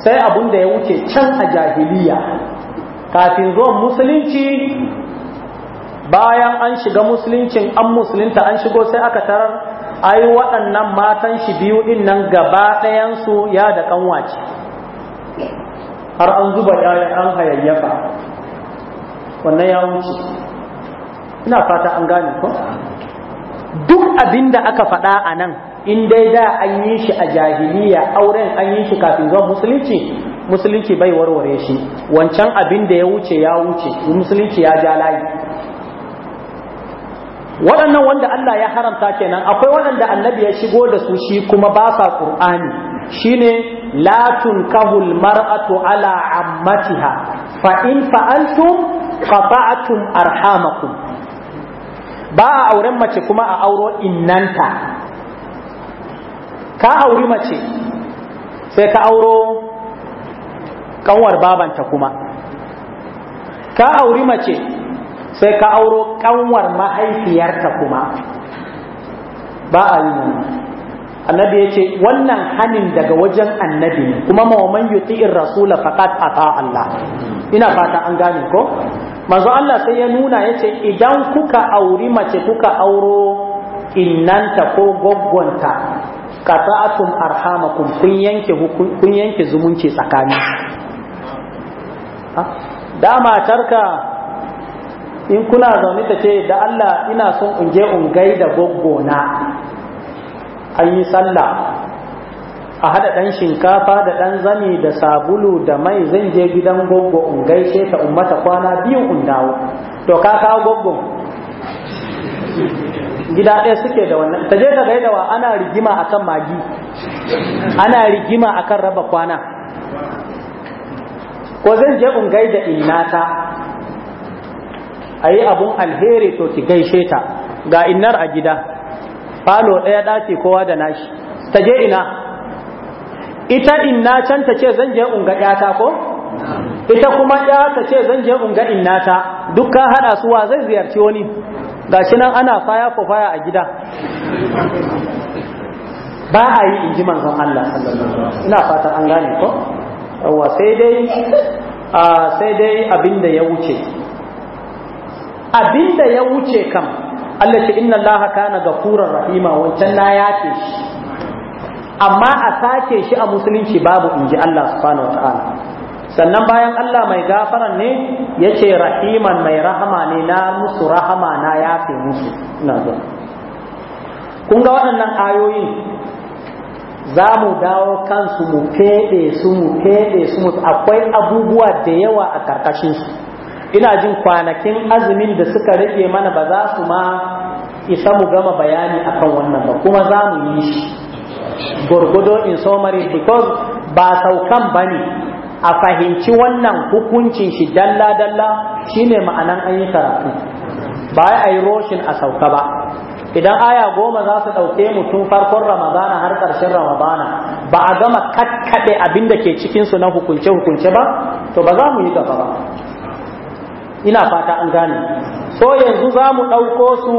sai abun da ya wuce can a jahiliya kafin zuwan musulunci bayan an shiga musuluncin an musulunta an shigo sai aka tarar ai waɗannan matan shi biyu ɗin nan gaba ɗayansu ya da ƙanwace har an zuba yaya an hayayyafa wannan ya wuce ina fata an gane ko duk abin da aka faɗa a nan in dai da an yi shi a jahiliya auren an yi shi kafin zuwa musulunci musulunci bai warware shi wancan abin da ya wuce ya wuce musulunci ya ja layi waɗannan wanda Allah ya haramta kenan akwai waɗanda annabi ya shigo da su shi kuma ba sa ƙur'ani shine la tunkahul mar'atu ala ammatiha fa in fa'altum qata'tum arhamakum ba a auren mace kuma a auro innanta ka auri mace sai ka auro kanwar babanta kuma ka auri mace sai ka auro kanwar mahaifiyarta kuma ba a yi annabi ya ce wannan hanin daga wajen annabi ne kuma mawaman yuti'ir rasula a ata Allah ina fata an gane ko manzo Allah sai ya nuna ya ce idan kuka auri mace kuka auro innanta ko goggonta qata'atum arhamakum kun yanke kun yanke zumunci tsakani da matarka in kuna zaune ta ce da Allah ina son in je in gaida goggona an yi sallah a haɗa ɗan shinkafa da ɗan zani da sabulu da mai zan je gidan gongo in gaishe ta ummata kwana biyu in dawo to ka kawo gongon gida ɗaya suke da wannan ta je ka gaida wa ana rigima akan magi ana rigima akan raba kwana ko zan je in gaida innata a yi abun alheri to ki gaishe ta ga innar a gida falo ɗaya ɗaki kowa da nashi ta je ina ita inna can ta ce zan je unga ƴata ko ita kuma ya ta ce zan je unga innata dukkan haɗa su wa zai ziyarci wani gashi nan ana faya ko faya a gida ba a yi inji manzon Allah ina fatan an gane ko yawa sai dai sai dai abinda ya wuce abinda ya wuce kam Allah ce inna Allah kana gafurar rahima wancan na yace shi amma a sake shi a musulunci babu inji Allah subhanahu wataala sannan bayan Allah mai gafaran ne yace rahiman mai rahama ne na musu rahama na yafe musu ina zo kun ga waɗannan ayoyin za mu dawo kansu mu feɗe su mu feɗe su mu akwai abubuwa da yawa a karkashin su ina jin kwanakin azumin da suka rage mana ba za su ma isa mu gama bayani akan wannan ba kuma za mu yi shi gurgudo in summary because ba saukan ba ne a fahimci wannan hukuncin shi dalla-dalla shine ma'anan an yi karatu ba a yi roshin a sauka ba idan aya goma za su ɗauke tun farkon ramadana har ƙarshen ramadana ba a gama kakkaɓe abin da ke cikinsu na hukunce-hukunce ba to ba za mu yi gaba ba ina fata an gane so yanzu za mu ɗauko su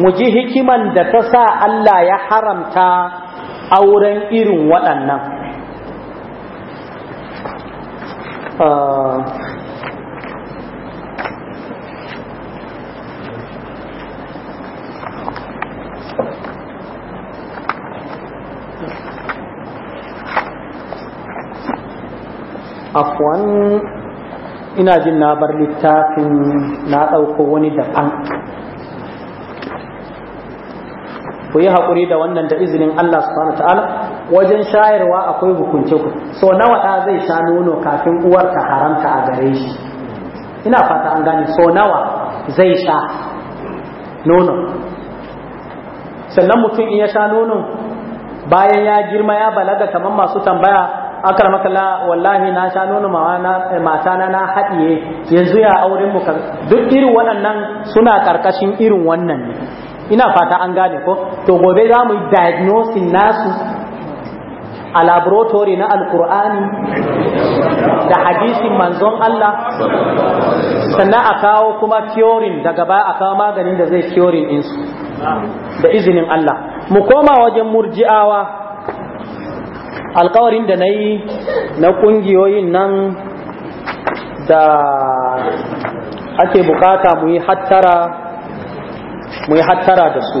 mu ji hikiman da ta sa Allah ya haramta auren irin waɗannan uh, afwan ina jin na bar littafin na ɗauko wani daban ku yi haƙuri da wannan da izinin Allah subhanahu ta'ala wajen shayarwa akwai hukunce ku so nawa ɗa zai sha nono kafin uwar ta haramta a gare shi ina fata an gane so nawa zai sha nono sannan mutum in ya sha nono bayan ya girma ya balaga kamar masu tambaya maka la wallahi na sha nono mata na eh, na haɗiye yanzu ya auren mu duk irin waɗannan suna karkashin irin wannan ne ina fata an gane ko to gobe za mu yi diagnosing nasu a laboratory na alkur'ani da hadisin manzon Allah sannan a kawo kuma curing daga baya a kawo maganin da zai curing insu da izinin Allah mu koma wajen murji'awa alkawarin da na yi na kungiyoyin nan da ake bukata mu yi hattara da su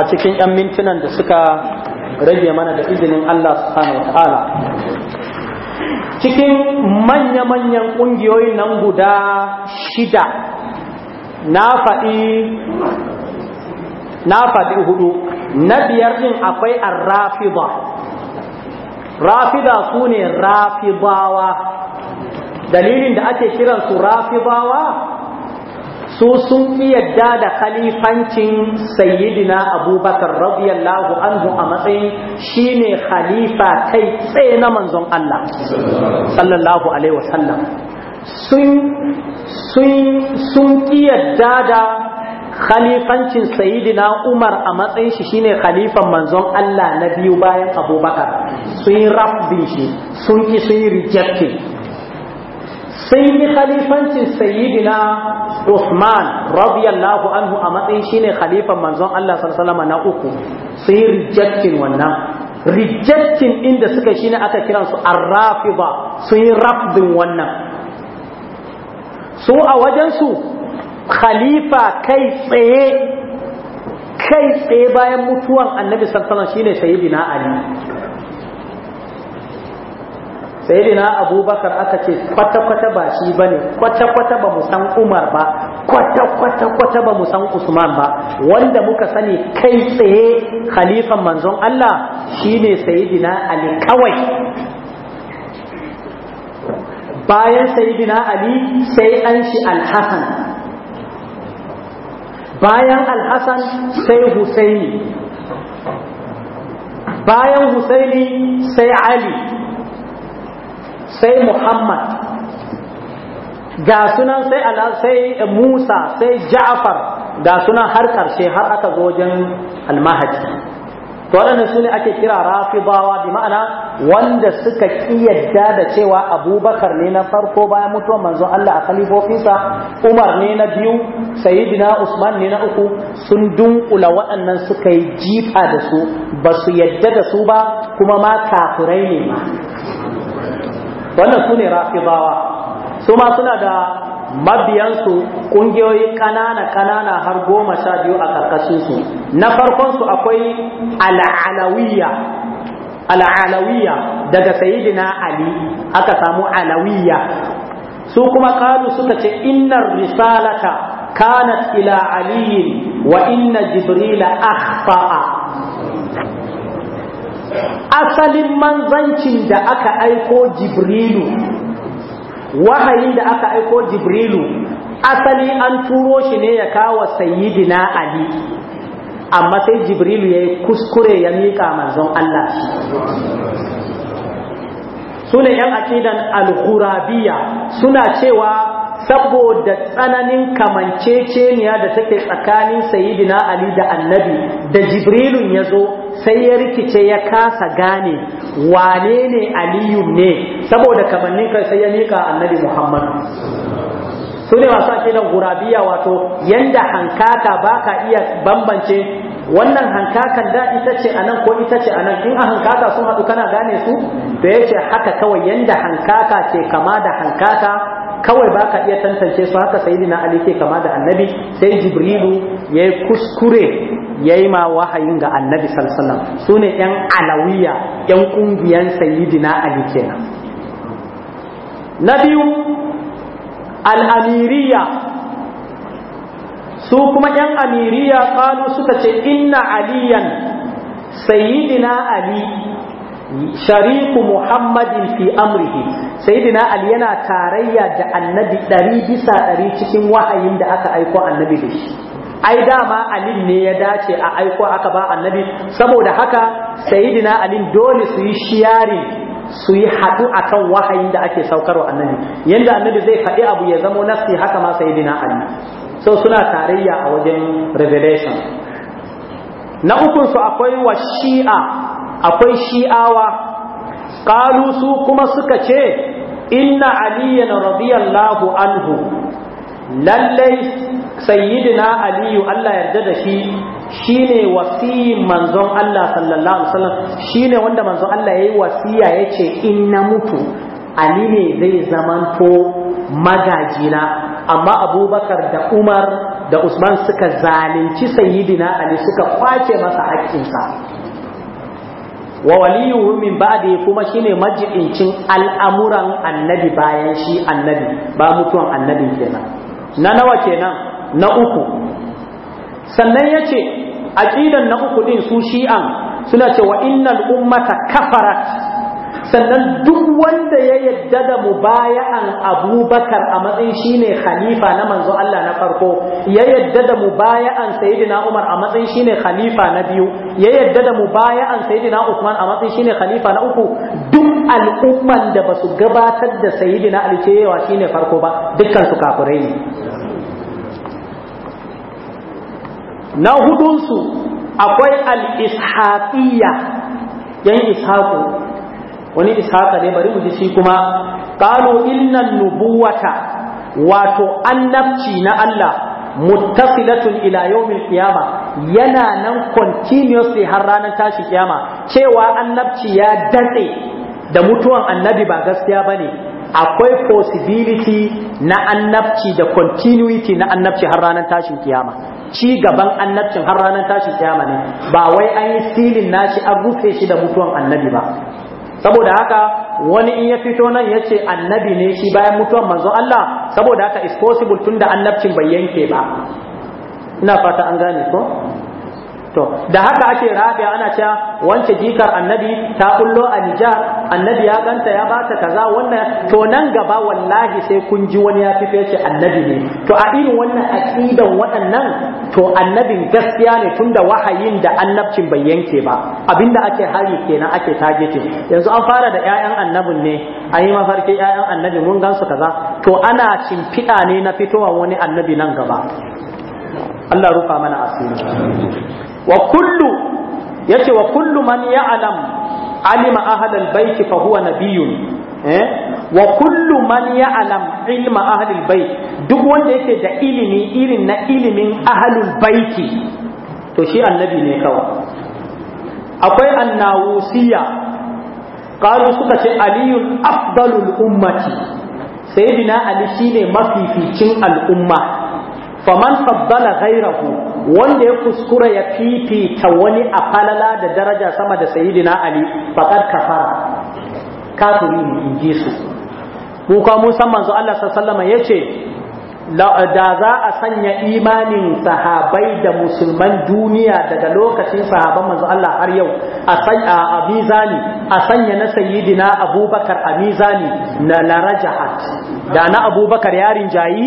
a cikin 'yan mintunan da suka rage mana da izinin Allah subhanahu wa ta'ala cikin manya-manyan kungiyoyin nan guda shida na faɗi na faɗi hudu na biyar din akwai arrafi ba rafida su ne rafibawa dalilin da ake kiransu rafibawa su sun fi yadda da khalifancin sayyidina abubakar radiyallahu anhu a matsayin shine khalifa kai tsaye na manzon Allah sallallahu alaihi wasallam sun sun sun yadda da khalifancin sayidina umar a matsayin shi shine khalifan manzon Allah na biyu bayan abubakar sun yi rafdin shi sun ki sun yi rejecting sai yi khalifancin sayidina usman radiyallahu anhu a matsayin shine khalifan manzon Allah sallallahu alaihi na uku sun yi rejecting wannan rejecting inda suka shine aka aka kiransu arrafiba sun yi rafdin wannan su a wajensu khalifa kai tsaye kai tsaye bayan mutuwan annabi sallallahu shine sayyidina ali sayyidina abubakar aka ce kwata-kwata ba shi bane kwata-kwata ba mu san umar ba kwata-kwata kwata ba mu san usman ba wanda muka sani kai tsaye khalifan manzon allah shine sayyidina ali kawai bayan sayyidina ali sai an shi alhassan bayan alhassan sai husaini bayan husaini sai ali sai muhammad ga sunan sai sai musa sai ja'far ga sunan har karshe har aka zo wajen almahadi to waɗannan su ne ake kira rafidawa bi ma'ana wanda suka kiyarda da cewa abubakar ne na farko bayan mutuwar manzo Allah a kalifofinsa umar ne na biyu sayidina usman ne na uku sun dunkula waɗannan suka yi jifa da su ba su yadda da su ba kuma ma kafirai ne ma wannan su ne rafidawa su ma suna da mabiyansu ƙungiyoyi kanana-kanana har goma sha biyu a su. na farkon su akwai al'alawiyya al'alawiyya daga sayidina ali aka samu alawiyya su kuma kalu suka ce innar risalata kanat ila aliyin wa inna jibrila akhfa'a asalin manzancin da aka aiko jibrilu wahayin da aka aiko jibrilu asali an turo shi ne ya kawo sayyidina ali amma sai jibrilu ya yi kuskure ya miƙa manzon Allah suna ‘yan akidan al suna cewa saboda tsananin kamanceceniya da take tsakanin Sayyidina ali da annabi da jibrilun ya zo sai ya rikice ya kasa gane wane ne aliyu ne saboda kamannin kai sai ya mika annabi Muhammadu. su ne masu akidan gurabiya wato yanda hankaka baka iya bambance wannan hankakan da ita ce a nan, ko ita ce a nan, in a hankaka sun haɗu kana gane su da ya ce haka kawai yanda hankaka ce kama da hankaka kawai ba ka iya tantance su haka sai na ali ke kama da annabi sai jibrilu ya yi kuskure yayi ma wahayin ga annabi sallallahu alaihi wasallam sune yan alawiya yan kungiyan sayyidina ali kenan na biyu al'amiriya su kuma yan amiriya kalu suka ce inna aliyan sayyidina ali shariku muhammadin fi amrihi sayyidina ali yana tarayya da annabi ɗari bisa ɗari cikin wahayin da aka aiko annabi da shi ai dama alin ne ya dace a aiko aka ba annabi saboda haka sayidina alin dole su yi shiyari su yi haɗu a kan wahayin da ake saukarwa annabi Yanda annabi zai faɗi abu ya zamo nasi haka ma sayidina ali so suna tarayya a wajen revelation na ukunsu akwai wa shi'a akwai shi'awa kalu su kuma suka ce inna aliyan radiyallahu anhu lallai sayyidina aliyu Allah yarda da shi shine wasiyin manzon Allah sallallahu alaihi wasallam shine wanda manzon Allah ya yayi wasiya ce in na mutu ali ne zai zamanto magajina amma abubakar da umar da usman suka zalunci sayyidina ali suka kwace masa haƙƙinsa wa waliyuhu min ba'di kuma shine majidincin al'amuran annabi bayan shi annabi ba mutuwan annabi kenan na nawa kenan na uku sannan ya ce aƙidan na uku ɗin su shi'an suna ce wa ummata kafarat sannan duk wanda ya yadda da mubaya'an abubakar a matsayin shine khalifa na manzo Allah na farko ya yadda da mubaya'an sayyidina Umar a matsayin shine khalifa na biyu ya yadda da mubaya'an sayyidina Usman a matsayin shine khalifa na uku duk al'umman da basu gabatar da sayyidina Ali cewa shine farko ba dukkan su kafirai ne na hudunsu akwai al yan ishaku, wani ishaqa ne bari mu ji shi kuma qalu innan nubuwata wato annabci na Allah muttasilatun ila yawmil kiyama, yana nan continuously har ranar tashi kiyama cewa annabci ya daɗe da mutuwan annabi ba gaskiya bane akwai possibility na annabci da continuity na annabci har ranar tashin kiyama ci gaban annabcin har ranar tashi kiyama ne ba wai an yi silin nashi an rufe shi da mutuwan annabi ba saboda haka wani in ya fito nan ya ce annabi ne shi bayan mutuwan manzon Allah saboda haka is possible tunda annabcin bai yanke ba ina fata an gane ko to da haka ake rabe ana cewa wance jikar annabi ta kullo a nijar annabi ya ganta ya bata kaza wannan to nan gaba wallahi sai kun ji wani ya fi fece annabi ne to a irin wannan aqidan waɗannan to annabin gaskiya ne tunda wahayin da annabcin bai yanke ba abinda ake hari kenan ake tageti yanzu an fara da ƴaƴan annabin ne an yi mafarki ƴaƴan annabi mun gansu kaza to ana cimfiɗa ne na fitowa wani annabi nan gaba Allah rufa mana asiri wa kullu yace wa kullu man ya'lam alima ahlal baiti fa huwa nabiyyun eh wa kullu man ya'lam ilma ahlil bait duk wanda yake da ilimi irin na ilimin ahlul baiti to shi annabi ne kawai akwai annawusiya qalu suka ce aliyul afdalul ummati sayyidina ali shine mafificin al'umma faman faddala ghairahu wanda ya kuskura ya fifita wani a falala da daraja sama da sayyidina ali faqad kafara kafiri ne in ji su ko kuma mun san Allah sallallahu alaihi yace da za a sanya imanin sahabai da musulman duniya daga lokacin sahabban manzo Allah har yau a sanya a mizani a sanya na sayyidina Abubakar a na larajahat da na Abubakar yarin jayi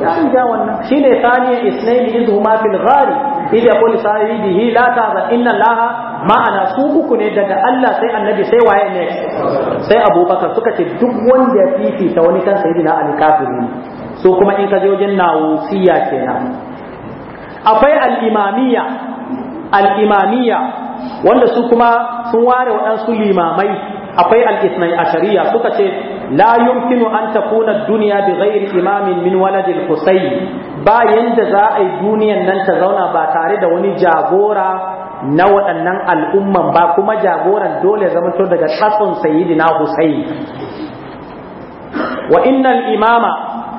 ya an ja wannan shine thaniya isnaini idhuma fil ghari idh yaqulu sahibihi la tahzan inna allaha ma'ana su uku ne daga Allah sai annabi sai waye ne sai abubakar suka ce duk wanda ya fifita wani kan sayyidina ali kafiri ne su kuma in ka je wajen nawusiya kenan akwai al-imamiyya al-imamiyya wanda su kuma sun ware waɗansu limamai akwai al a shari'a suka ce la yumkinu an takuna duniya bi ghairi imamin min waladil Bayan ba yanda za a yi duniyan nan ta zauna ba tare da wani jagora na waɗannan al'umman ba kuma jagoran dole zamanto daga tsatson sayyidina husayn wa innal imama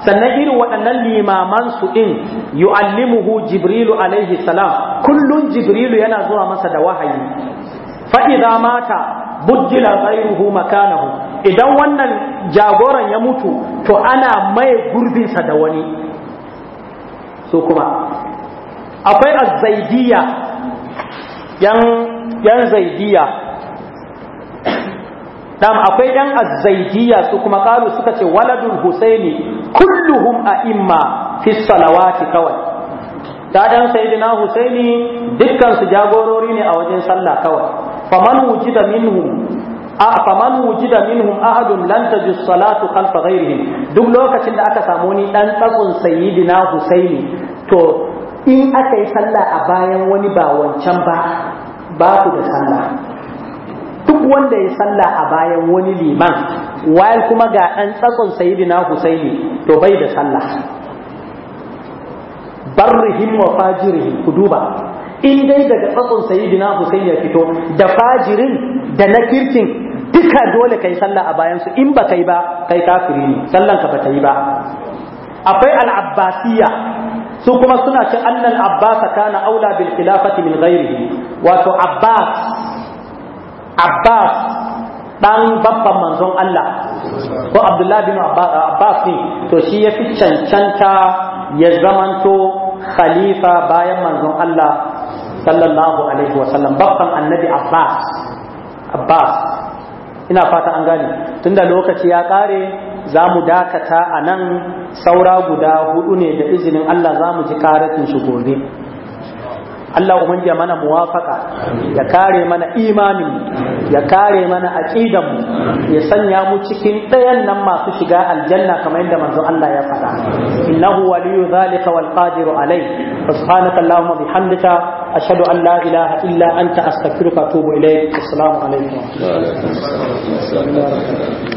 sannan irin waɗannan limaman su ɗin yu'allimuhu jibrilu alaihi salam kullun jibrilu yana zuwa masa da wahayi fa idza mata buddila ghayruhu makanahu idan wannan jagoran ya mutu to ana mai gurbinsa da wani so kuma akwai azzaidiya yan yan zaidiya dan akwai yan azzaidiya su kuma karu suka ce waladul husaini kulluhum a'imma fi salawati kawai dadan sayyidina husaini dukkan su jagorori ne a wajen sallah kawai faman wujida minhum a faman wujida minhum ahadun lan tajus salatu khalfa ghairihim duk lokacin da aka samu ni dan tsakon sayyidina husaini to in aka yi sallah a bayan wani ba wancan ba ba ku da sallah duk wanda ya sallah a bayan wani liman wayar kuma ga dan tsakon sayyidina husaini to bai da sallah barrihim wa fajirihim ku duba in dai daga tsatson sayyidina Hussein ya fito da fajirin da na kirkin duka dole kai sallah a bayan su in ba yi ba kai kafiri ne sallan ka ba yi ba akwai al'abbasiya su kuma suna ce annal abbas kana aula bil khilafati min ghairihi wato abbas abbas dan babban manzon Allah ko abdullahi bin abbas ne to shi ya fi cancanta ya zamanto khalifa bayan manzon Allah sallallahu alaihi wasallam bakkan annabi abbas abbas ina fata an gane tunda lokaci ya kare za mu dakata a nan saura guda hudu ne da izinin allah za mu ji karatin su gobe Allah ubangiji ya mana muwafaka ya kare mana imanin ya kare mana aqidan ya sanya mu cikin ɗayan nan masu shiga aljanna kamar yadda manzo Allah ya faɗa innahu waliyyu zalika wal qadiru alai subhanaka allahumma bihamdika ashhadu an la ilaha illa anta astaghfiruka wa atubu ilaik assalamu alaikum